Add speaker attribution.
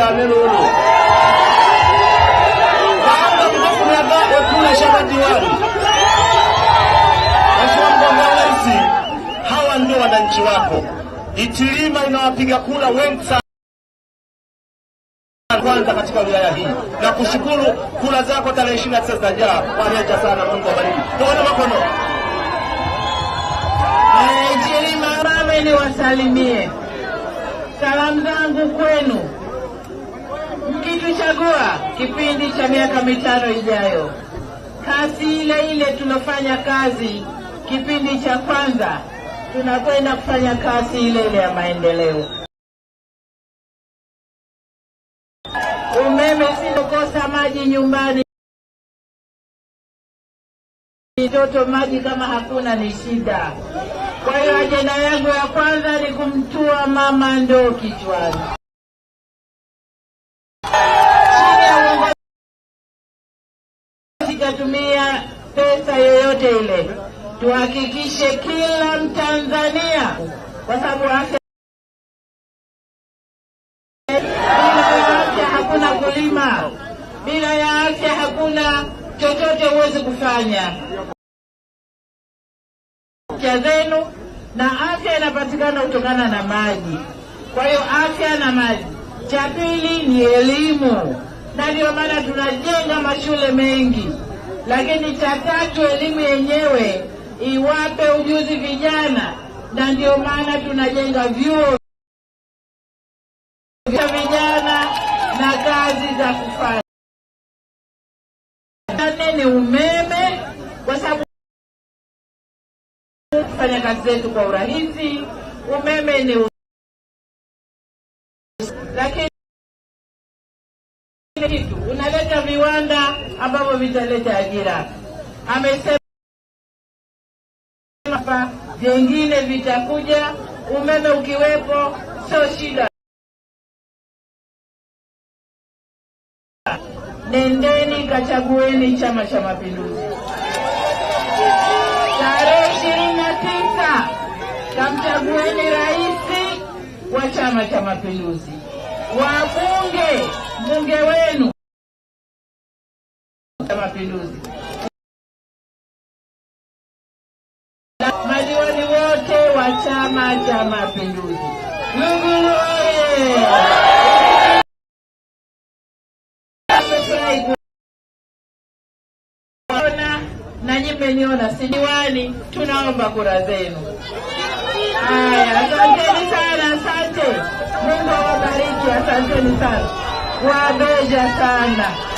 Speaker 1: ইসলামের হলো hawa ndio wananchi wako. Itilima inawapiga kura wengi kwanza katika wilaya hii. Na kushukuru kula zako tarehe ishirini na tisa zitajaa. Wamecha sana, Mungu awabariki. Tuone makono.
Speaker 2: Itilima mame, niwasalimie salamu zangu kwenu Chagua kipindi cha miaka mitano ijayo, kazi ile ile tulofanya kazi kipindi cha kwanza, tunakwenda kufanya kazi ile ile ya maendeleo. Umeme sitokosa maji nyumbani, mtoto maji kama hakuna ni shida. Kwa hiyo ajenda yangu ya kwanza ni kumtua mama ndoo kichwani. tunatumia pesa yoyote ile, tuhakikishe kila Mtanzania kwa sababu afya hakuna kulima, bila ya afya hakuna chochote huwezi kufanya cha zenu, na afya inapatikana kutokana na maji. Kwa hiyo afya na maji. Cha pili ni elimu, na ndio maana tunajenga mashule mengi. Lakini cha tatu, elimu yenyewe iwape ujuzi vijana, na ndio maana tunajenga vyuo vya vijana na kazi za kufanya. ni umeme, kwa sababu kufanya kazi zetu kwa urahisi. Umeme ni lakini kitu unaleta viwanda ambavyo vitaleta ajira. Amesema vingine vitakuja, umeme ukiwepo sio shida. Nendeni kachagueni Chama cha Mapinduzi tarehe ishirini na tisa kamchagueni rais wa Chama cha Mapinduzi wabunge, mbunge wenu Mapinduzi, madiwani wote wa Chama cha Mapinduzi, Lungulu oye! na nyinyi mmeniona, si tunaomba kura zenu. Haya, asanteni sana, asante Mungu asanteni sana, wabeja sana.